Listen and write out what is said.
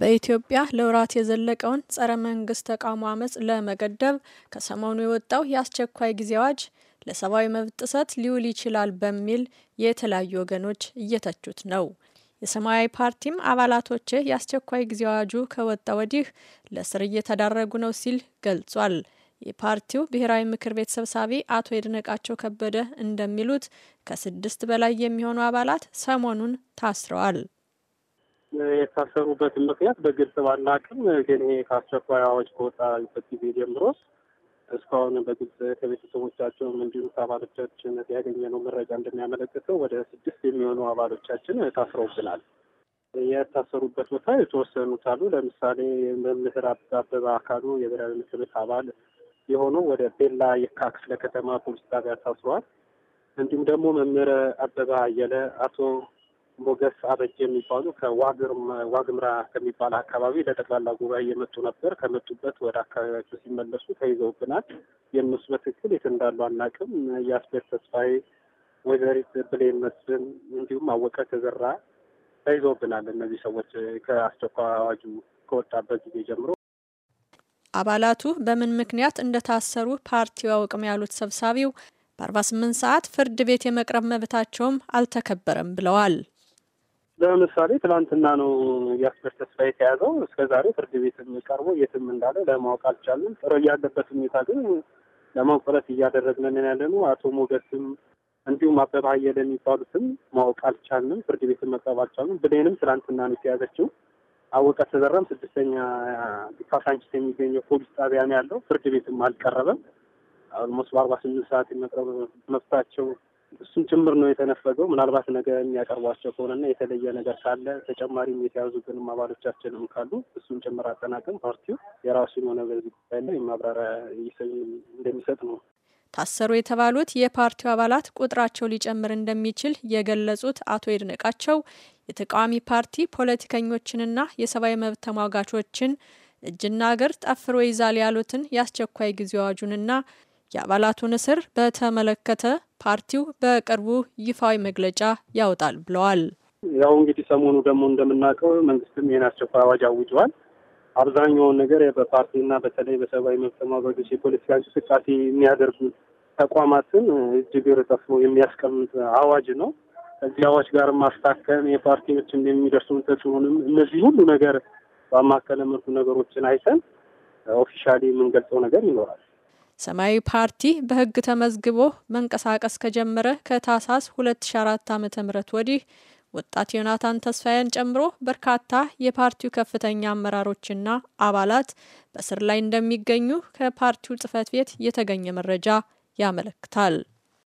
በኢትዮጵያ ለወራት የዘለቀውን ጸረ መንግስት ተቃውሞ አመፅ ለመገደብ ከሰሞኑ የወጣው የአስቸኳይ ጊዜ አዋጅ ለሰብአዊ መብት ጥሰት ሊውል ይችላል በሚል የተለያዩ ወገኖች እየተቹት ነው። የሰማያዊ ፓርቲም አባላቶች የአስቸኳይ ጊዜ አዋጁ ከወጣ ወዲህ ለእስር እየተዳረጉ ነው ሲል ገልጿል። የፓርቲው ብሔራዊ ምክር ቤት ሰብሳቢ አቶ የድነቃቸው ከበደ እንደሚሉት ከስድስት በላይ የሚሆኑ አባላት ሰሞኑን ታስረዋል። የታሰሩበትን ምክንያት በግልጽ ባናቅም ግን ይሄ ከአስቸኳይ አዋጅ ከወጣበት ጊዜ ጀምሮ እስካሁን በግልጽ ከቤተሰቦቻቸውም እንዲሁም ከአባሎቻችን ያገኘነው መረጃ እንደሚያመለክተው ወደ ስድስት የሚሆኑ አባሎቻችን ታስረውብናል። የታሰሩበት ቦታ የተወሰኑት አሉ። ለምሳሌ መምህር አበባ አካሉ የብሔራዊ ምክር ቤት አባል የሆኑ ወደ ቤላ የካ ክፍለ ከተማ ፖሊስ ጣቢያ ታስሯል። እንዲሁም ደግሞ መምህር አበባ አየለ፣ አቶ ሞገስ አበጀ የሚባሉ ከዋግርም ዋግምራ ከሚባል አካባቢ ለጠቅላላ ጉባኤ የመጡ ነበር። ከመጡበት ወደ አካባቢያቸው ሲመለሱ ተይዘውብናል። የእነሱ በትክክል የት እንዳሉ አናውቅም። የአስቤር ተስፋዬ፣ ወይዘሪት ብሌን መስፍን እንዲሁም አወቀ ተዘራ ተይዘውብናል። እነዚህ ሰዎች ከአስቸኳይ አዋጁ ከወጣበት ጊዜ ጀምሮ አባላቱ በምን ምክንያት እንደታሰሩ ፓርቲው አውቅም ያሉት ሰብሳቢው በ48 ሰዓት ፍርድ ቤት የመቅረብ መብታቸውም አልተከበረም ብለዋል። ለምሳሌ ትናንትና ነው የአስበር ተስፋ የተያዘው። እስከ ዛሬ ፍርድ ቤት የሚቀርቦ የትም እንዳለ ለማወቅ አልቻልንም። ጥሮ ያለበት ሁኔታ ግን ለማወቅ እያደረግነን ያለ ነው። አቶ ሞገስም እንዲሁም አበባ አየለ የሚባሉትም ማወቅ አልቻልንም። ፍርድ ቤት መቅረብ አልቻልንም። ብሌንም ትላንትና ነው የተያዘችው። አወቀ ተዘራም ስድስተኛ ካሳንቺስ የሚገኘው ፖሊስ ጣቢያ ነው ያለው። ፍርድ ቤትም አልቀረበም። አልሞስ በአርባ ስምንት ሰዓት የመቅረብ መብታቸው እሱም ጭምር ነው የተነፈገው። ምናልባት ነገ የሚያቀርቧቸው ከሆነና የተለየ ነገር ካለ ተጨማሪም የተያዙብንም አባሎቻችንም ካሉ እሱን ጭምር አጠናቅም ፓርቲው የራሱ የሆነ በዚህ ጉዳይ ላይ ማብራሪያ እንደሚሰጥ ነው። ታሰሩ የተባሉት የፓርቲው አባላት ቁጥራቸው ሊጨምር እንደሚችል የገለጹት አቶ ይድነቃቸው የተቃዋሚ ፓርቲ ፖለቲከኞችንና የሰብአዊ መብት ተሟጋቾችን እጅና እግር ጠፍሮ ይዛል ያሉትን የአስቸኳይ ጊዜ አዋጁንና የአባላቱን እስር በተመለከተ ፓርቲው በቅርቡ ይፋዊ መግለጫ ያወጣል ብለዋል። ያው እንግዲህ ሰሞኑ ደግሞ እንደምናውቀው መንግስትም ይህን አስቸኳይ አዋጅ አውጀዋል። አብዛኛውን ነገር በፓርቲና በተለይ በሰብአዊ መብት ተሟጋቾች የፖለቲካ እንቅስቃሴ የሚያደርጉ ተቋማትን እጅግር ጠፍሮ የሚያስቀምጥ አዋጅ ነው። ከዚህ አዋጅ ጋር ማስታከም የፓርቲዎች የሚደርሱን ተጽዕኖንም እነዚህ ሁሉ ነገር በአማከለ መልኩ ነገሮችን አይተን ኦፊሻሊ የምንገልጸው ነገር ይኖራል። ሰማያዊ ፓርቲ በህግ ተመዝግቦ መንቀሳቀስ ከጀመረ ከታህሳስ 2004 ዓ.ም ወዲህ ወጣት ዮናታን ተስፋዬን ጨምሮ በርካታ የፓርቲው ከፍተኛ አመራሮችና አባላት በስር ላይ እንደሚገኙ ከፓርቲው ጽህፈት ቤት የተገኘ መረጃ ያመለክታል።